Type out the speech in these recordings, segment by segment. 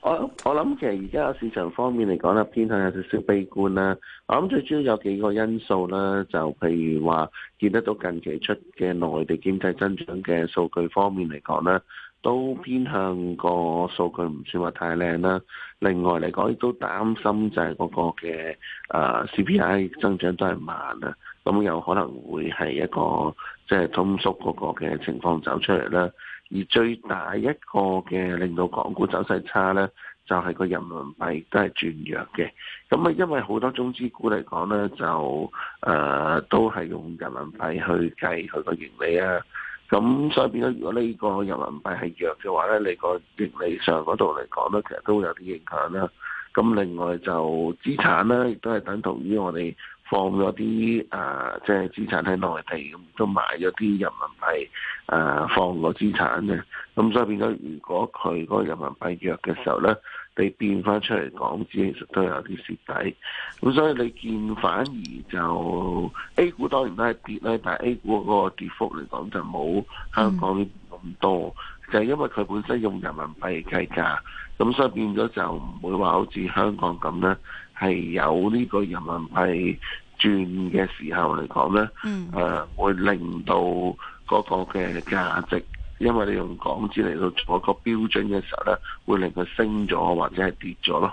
我我諗其實而家個市場方面嚟講咧，偏向有少少悲觀啦。我諗最主要有幾個因素啦，就譬如話見得到近期出嘅內地經濟增長嘅數據方面嚟講咧，都偏向個數據唔算話太靚啦。另外嚟講，亦都擔心就係嗰個嘅誒 CPI 增長都係慢啦，咁有可能會係一個即係、就是、通縮嗰個嘅情況走出嚟啦。而最大一個嘅令到港股走勢差呢，就係、是、個人民幣都係轉弱嘅。咁啊，因為好多中資股嚟講呢，就誒、呃、都係用人民幣去計佢個盈利啊。咁所以變咗，如果呢個人民幣係弱嘅話呢，你個盈利上嗰度嚟講呢，其實都會有啲影響啦、啊。咁另外就資產呢，亦都係等同於我哋。放咗啲誒，即、啊、係、就是、資產喺內地咁，都買咗啲人民幣誒、啊，放個資產嘅。咁所以變咗，如果佢嗰人民幣弱嘅時候咧，你變翻出嚟港紙其實都有啲蝕底。咁所以你見反而就 A 股當然都係跌咧，但係 A 股嗰個跌幅嚟講就冇香港咁多，嗯、就係、是、因為佢本身用人民幣計價。咁所以變咗就唔會話好似香港咁咧，係有呢個人民幣轉嘅時候嚟講咧，誒、嗯呃、會令到嗰個嘅價值，因為你用港紙嚟到做個標準嘅時候咧，會令佢升咗或者係跌咗咯。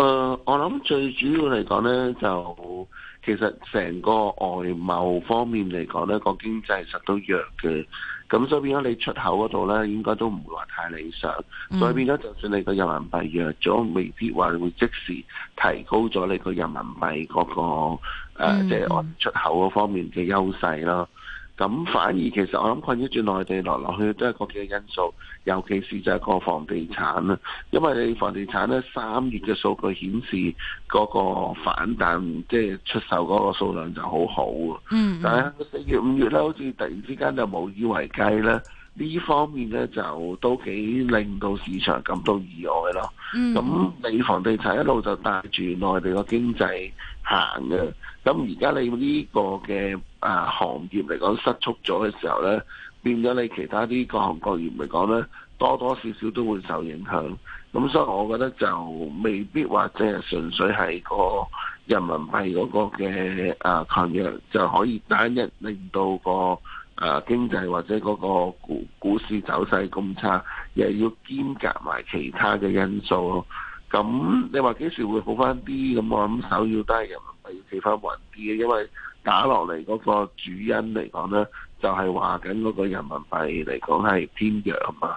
誒、uh,，我諗最主要嚟講咧，就其實成個外貿方面嚟講咧，個經濟實都弱嘅，咁所以變咗你出口嗰度咧，應該都唔會話太理想，所以變咗就算你個人民幣弱咗，未必話會即時提高咗你個人民幣嗰、個誒，即係我出口嗰方面嘅優勢咯。咁反而其實我諗困擾住內地落落去都係嗰幾個因素，尤其是就係個房地產啦，因為你房地產咧三月嘅數據顯示嗰個反彈，即、就、係、是、出售嗰個數量就好好啊。嗯、mm -hmm.，但係四月五月咧，好似突然之間就無以為繼咧，呢方面咧就都幾令到市場感到意外咯。咁、mm -hmm. 你房地產一路就帶住內地個經濟行嘅，咁而家你呢個嘅。誒、啊、行業嚟講失速咗嘅時候咧，變咗你其他啲各行各業嚟講咧，多多少少都會受影響。咁所以，我覺得就未必話淨係純粹係個人民幣嗰個嘅誒強弱就可以單一令到個誒經濟或者嗰個股股市走勢咁差，又要兼夾埋其他嘅因素咯。咁你話幾時會好翻啲？咁我諗首要都係人民幣要企翻穩啲嘅，因為。打落嚟嗰個主因嚟講咧，就係話緊嗰個人民幣嚟講係偏弱啊嘛。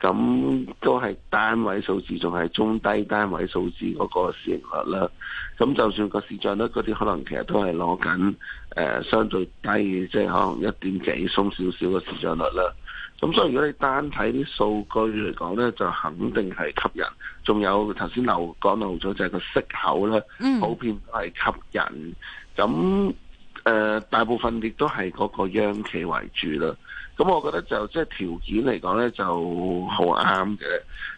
咁都係單位數字，仲係中低單位數字嗰個市盈率啦。咁就算個市賬率嗰啲，可能其實都係攞緊誒相對低嘅，即係可能一點幾，鬆少少嘅市賬率啦。咁所以如果你單睇啲數據嚟講咧，就肯定係吸引。仲有頭先漏講漏咗，就係個息口咧，普遍都係吸引。咁誒、呃、大部分亦都係嗰個央企為主啦，咁我覺得就即係、就是、條件嚟講咧，就好啱嘅。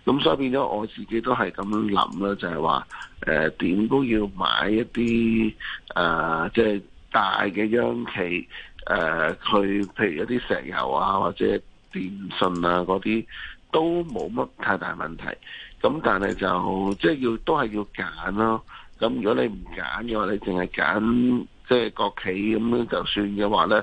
咁所以變咗我自己都係咁樣諗啦，就係話誒點都要買一啲誒即係大嘅央企誒、呃，去譬如一啲石油啊或者電信啊嗰啲都冇乜太大問題。咁但係就即係、就是、要都係要揀咯。咁如果你唔揀嘅話你淨係揀。即係國企咁樣，就算嘅話呢，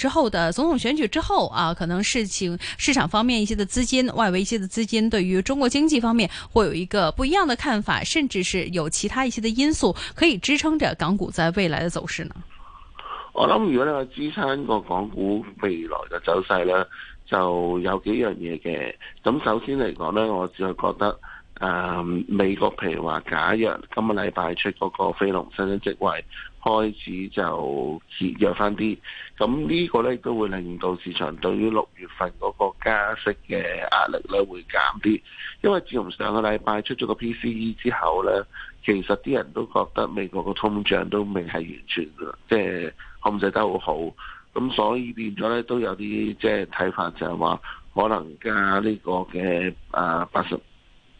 之後的總統選舉之後啊，可能事情市場方面一些的資金，外圍一些的資金，對於中國經濟方面會有一個不一樣的看法，甚至是有其他一些的因素可以支撐着港股在未來的走勢呢？我諗如果你支撐個港股未來嘅走勢呢，就有幾樣嘢嘅。咁首先嚟講呢，我就覺得誒、嗯，美國譬如話，假若今個禮拜出嗰個非農新嘅職位。開始就弱翻啲，咁呢個呢都會令到市場對於六月份嗰個加息嘅壓力呢會減啲，因為自從上個禮拜出咗個 PCE 之後呢，其實啲人都覺得美國個通脹都未係完全即係、就是、控制得好好，咁所以變咗呢都有啲即係睇法就係話可能加呢個嘅啊八十。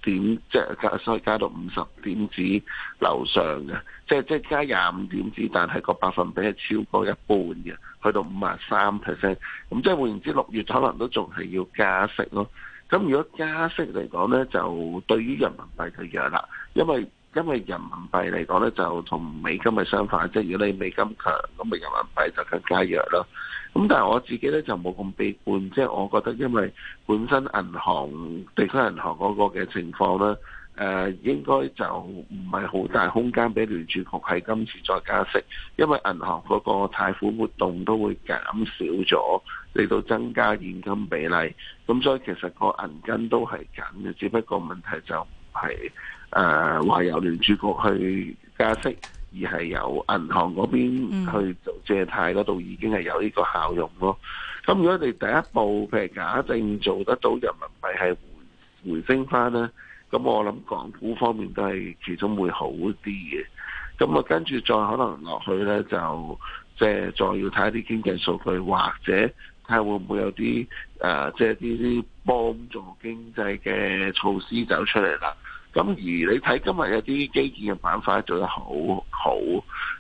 點即係加，所以加到五十點子樓上嘅，即係即係加廿五點子，但係個百分比係超過一半嘅，去到五十三 percent。咁即係換言之，六月可能都仲係要加息咯。咁如果加息嚟講咧，就對於人民幣就弱啦，因為。因為人民幣嚟講咧，就同美金係相反啫。即係如果你美金強，咁咪人民幣就更加弱咯。咁但係我自己咧就冇咁悲觀，即係我覺得因為本身銀行地區銀行嗰個嘅情況咧，誒、呃、應該就唔係好大空間俾聯儲局喺今次再加息，因為銀行嗰個貸款活動都會減少咗，嚟到增加現金比例。咁所以其實個銀根都係緊嘅，只不過問題就係。誒、啊、話由聯儲局去加息，而係由銀行嗰邊去做借貸嗰度已經係有呢個效用咯。咁如果你第一步，譬如假定做得到人民幣係回回升翻呢，咁我諗港股方面都係始終會好啲嘅。咁啊跟住再可能落去呢，就即係再要睇啲經濟數據，或者睇下會唔會有啲誒即係呢啲幫助經濟嘅措施走出嚟啦。咁而你睇今日有啲基建嘅板塊做得好好，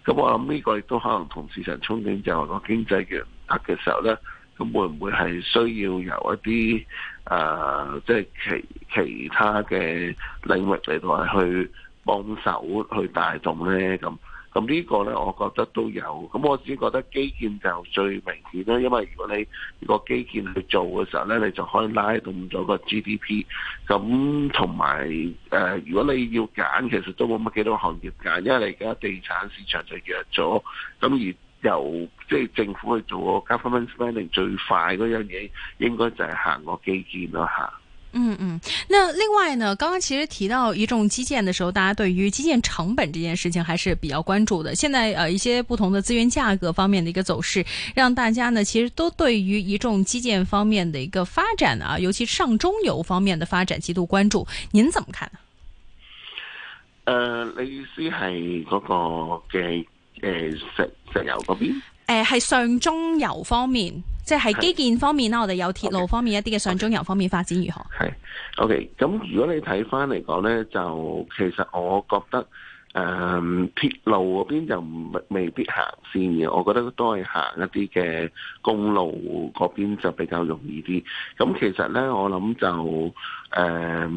咁我諗呢個亦都可能同市場憧憬就係講經濟嘅唔得嘅時候咧，咁會唔會係需要由一啲誒即係其其他嘅領域嚟到係去幫手去帶動咧咁？咁呢個呢，我覺得都有。咁我自己覺得基建就最明顯啦，因為如果你個基建去做嘅時候呢，你就可以拉動咗個 GDP。咁同埋誒，如果你要揀，其實都冇乜幾多行業揀，因為你而家地產市場就弱咗。咁而由即係政府去做個 government spending 最快嗰樣嘢，應該就係行個基建啦嚇。行嗯嗯，那另外呢，剛剛其實提到一眾基建的時候，大家對於基建成本這件事情還是比較關注的。現在呃，一些不同的資源價格方面的一個走勢，讓大家呢其實都對於一眾基建方面的一個發展啊，尤其上中游方面的發展極度關注。您怎麼看呢？呃，你意思係嗰個嘅誒石石油嗰邊？誒、呃，係上中游方面。即係基建方面啦，我哋有鐵路方面 okay, 一啲嘅上中游方面發展如何？係，OK。咁如果你睇翻嚟講咧，就其實我覺得誒、鐵、呃、路嗰邊就唔未必行先嘅，我覺得都係行一啲嘅公路嗰邊就比較容易啲。咁其實咧，我諗就誒、呃，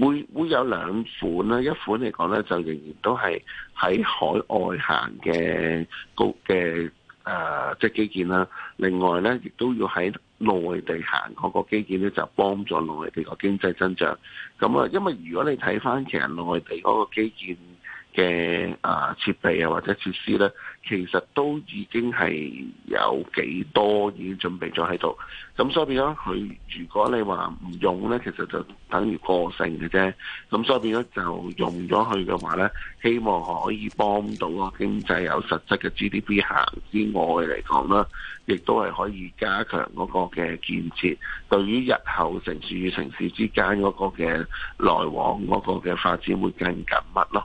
會會有兩款啦。一款嚟講咧，就仍然都係喺海外行嘅高嘅。誒、呃，即、就、係、是、基建啦。另外咧，亦都要喺內地行嗰個基建咧，就幫、是、助內地個經濟增長。咁啊，因為如果你睇返其實內地嗰個基建嘅啊設備啊或者設施呢，其實都已經係有幾多已經準備咗喺度。咁所以變咗佢，如果你話唔用呢，其實就等於過剩嘅啫。咁所以變咗就用咗佢嘅話呢，希望可以幫到個經濟有實質嘅 GDP 行之外嚟講啦，亦都係可以加強嗰個嘅建設。對於日後城市與城市之間嗰個嘅來往嗰個嘅發展會更緊密咯。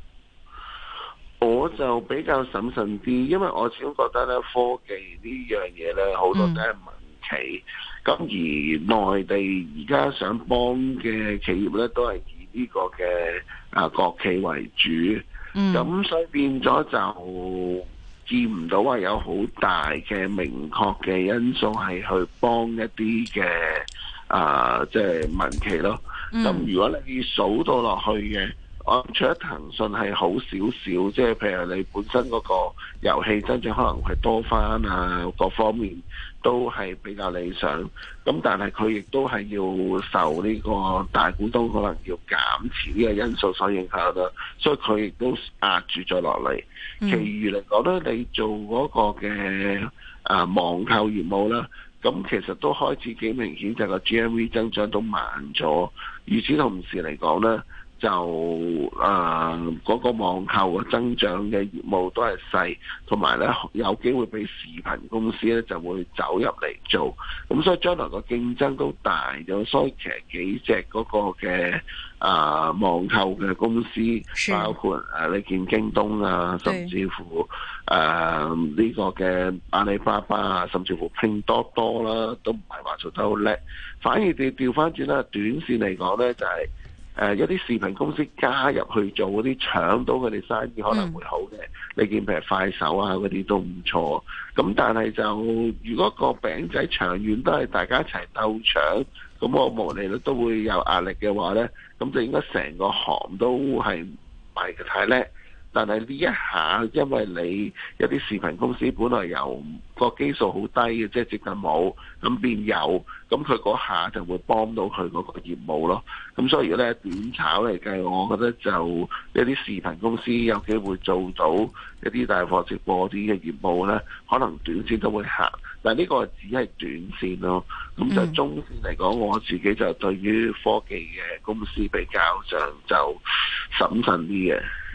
我就比較審慎啲，因為我始終覺得咧科技呢樣嘢咧好多都係民企，咁而內地而家想幫嘅企業咧都係以呢個嘅啊國企為主，咁所以變咗就見唔到話有好大嘅明確嘅因素係去幫一啲嘅啊即係民企咯。咁如果你數到落去嘅。除咗得騰訊係好少少，即係譬如你本身嗰個遊戲增長可能係多返啊，各方面都係比較理想。咁但係佢亦都係要受呢個大股東可能要減持嘅因素所影響啦，所以佢亦都壓住咗落嚟。其餘嚟講咧，你做嗰個嘅啊網購業務啦，咁其實都開始幾明顯就係個 GMV 增長都慢咗。與此同時嚟講咧。就誒嗰個網購嘅增長嘅業務都係細，同埋咧有機會俾視頻公司咧就會走入嚟做，咁所以將來個競爭都大咗，所以其實幾隻嗰個嘅誒網購嘅公司，包括誒你見京東啊，甚至乎誒呢個嘅阿里巴巴啊，甚至乎拼多多啦，都唔係話做得好叻，反而調返轉啦，短線嚟講咧就係。誒一啲視頻公司加入去做嗰啲搶到佢哋生意可能會好嘅，mm. 你見譬如快手啊嗰啲都唔錯。咁但係就如果個餅仔長遠都係大家一齊鬥搶，咁個毛利率都會有壓力嘅話呢，咁就應該成個行都係唔係太叻。但係呢一下，因為你有啲視頻公司本來由個基數好低嘅，即係接近冇，咁變有，咁佢嗰下就會幫到佢嗰個業務咯。咁所以如果咧，短炒嚟計，我覺得就一啲視頻公司有機會做到一啲大貨直播啲嘅業務咧，可能短線都會行。但係呢個只係短線咯。咁就中線嚟講，我自己就對於科技嘅公司比較上就審慎啲嘅。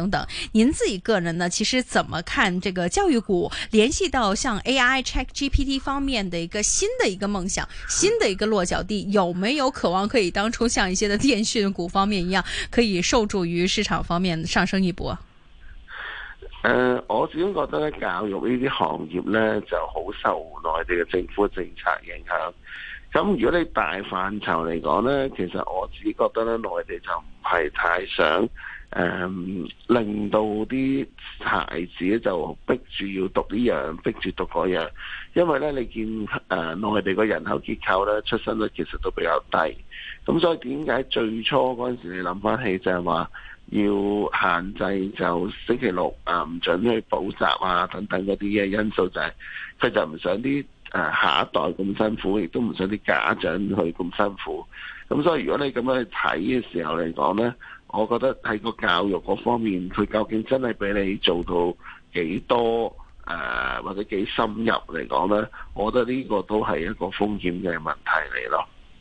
等等，您自己個人呢？其實怎麼看這個教育股？聯繫到像 A I ChatGPT 方面的一個新的一個夢想，新的一個落腳地，有沒有渴望可以當初像一些的電訊股方面一樣，可以受助於市場方面上升一波啊？呃，我始終覺得呢，教育呢啲行業呢，就好受內地嘅政府政策影響。咁如果你大範疇嚟講呢，其實我自己覺得咧，內地就唔係太想。誒、嗯，令到啲孩子咧就逼住要讀呢樣，逼住讀嗰樣，因為咧你見誒、呃，內地個人口結構咧，出生率其實都比較低，咁所以點解最初嗰陣時你諗翻起就係話要限制就星期六啊唔、呃、准去補習啊等等嗰啲嘅因素，就是，就係佢就唔想啲誒、啊、下一代咁辛苦，亦都唔想啲家長去咁辛苦，咁所以如果你咁樣去睇嘅時候嚟講咧。我覺得喺個教育嗰方面，佢究竟真係俾你做到幾多？誒、呃、或者幾深入嚟講呢？我覺得呢個都係一個風險嘅問題嚟咯。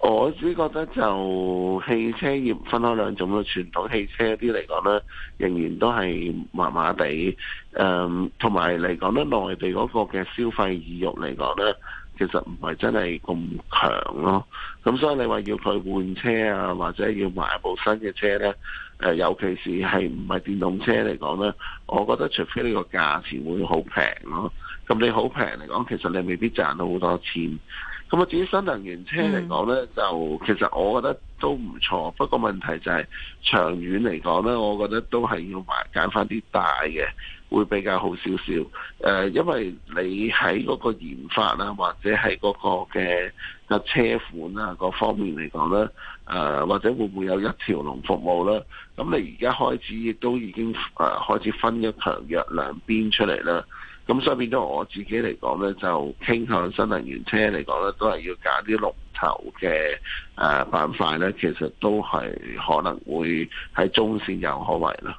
我只覺得就汽車業分開兩種咯，傳統汽車啲嚟講咧，仍然都係麻麻地，誒，同埋嚟講咧，內地嗰個嘅消費意欲嚟講咧，其實唔係真係咁強咯。咁所以你話要佢換車啊，或者要買部新嘅車咧，誒，尤其是係唔係電動車嚟講咧，我覺得除非呢個價錢會好平咯，咁你好平嚟講，其實你未必賺到好多錢。咁啊，至於新能源車嚟講咧，就其實我覺得都唔錯。不過問題就係長遠嚟講咧，我覺得都係要埋揀返啲大嘅，會比較好少少。誒、呃，因為你喺嗰個研發啦，或者喺嗰個嘅車款啊，各方面嚟講咧，誒、呃、或者會唔會有一條龍服務啦，咁你而家開始亦都已經誒開始分一強弱兩邊出嚟啦。咁所以變咗我自己嚟講咧，就傾向新能源車嚟講咧，都係要揀啲龍頭嘅誒板塊咧，其實都係可能會喺中線有可為啦。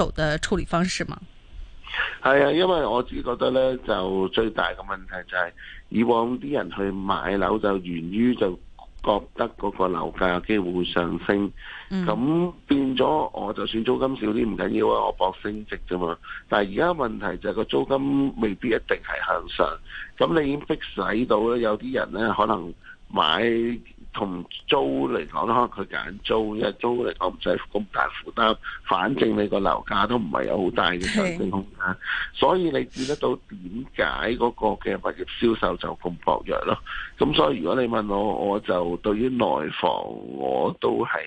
手的處理方式嗎？係啊，因為我自己覺得呢，就最大嘅問題就係、是、以往啲人去買樓就源於就覺得嗰個樓價有機會上升，咁、嗯、變咗我就算租金少啲唔緊要啊，我搏升值啫嘛。但係而家問題就係個租金未必一定係向上，咁你已經逼使到咧，有啲人呢，可能買。同租嚟講咧，可能佢揀租，因為租嚟講唔使咁大負擔，反正你個樓價都唔係有好大嘅上升空間，所以你見得到點解嗰個嘅物業銷售就咁薄弱咯。咁所以如果你問我，我就對於內房我都係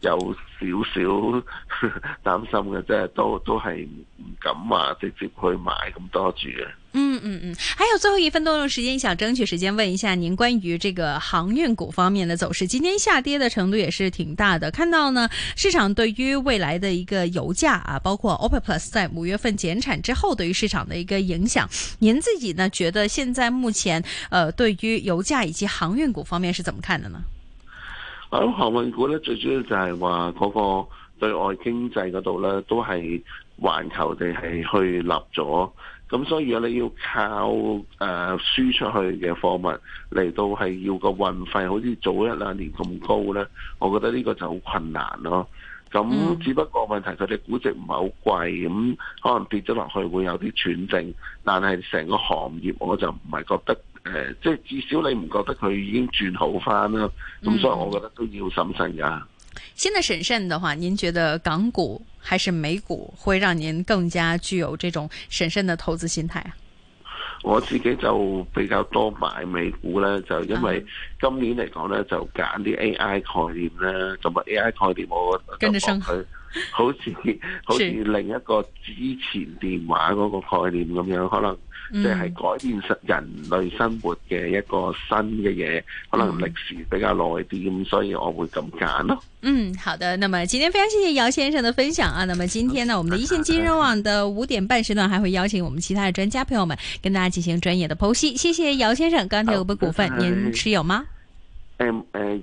有少少擔心嘅，即係都都係唔敢話直接去買咁多住嘅。嗯嗯嗯，還有最後一分多鐘時間，想爭取時間問一下您關於這個航運股方面的走勢，今天下跌的程度也是挺大的。看到呢，市場對於未來的一個油價啊，包括 OPEC plus 在五月份減產之後對於市場的一個影響，您自己呢覺得現在目前呃對於油價以及航運股方面是怎麼看的呢？咁航運股呢，最主要就係話嗰個對外經濟嗰度呢，都係環球地係去立咗。咁所以如果你要靠誒、呃、輸出去嘅貨物嚟到係要個運費好似早一兩年咁高咧，我覺得呢個就好困難咯、啊。咁、嗯、只不過問題佢哋估值唔係好貴，咁可能跌咗落去會有啲喘症。但係成個行業我就唔係覺得誒，即、呃、係、就是、至少你唔覺得佢已經轉好翻啦、啊。咁所以我覺得都要審慎噶。新的審慎的話，您覺得港股還是美股會讓您更加具有這種審慎的投資心態啊？我自己就比較多買美股啦，就因為今年嚟講呢，就揀啲 AI 概念啦，咁啊 AI 概念我覺得跟住升好似好似另一個之前電話嗰個概念咁樣可能。即、嗯、係、就是、改變人類生活嘅一個新嘅嘢，可能歷史比較耐啲，咁、嗯、所以我會咁揀咯。嗯，好的。那麼今天非常謝謝姚先生嘅分享啊！那麼今天呢，我們的一線金融網的五點半時段還會邀請我們其他嘅專家朋友們跟大家進行專業嘅剖析。謝謝姚先生。剛才有個股份您持有嗎、嗯嗯嗯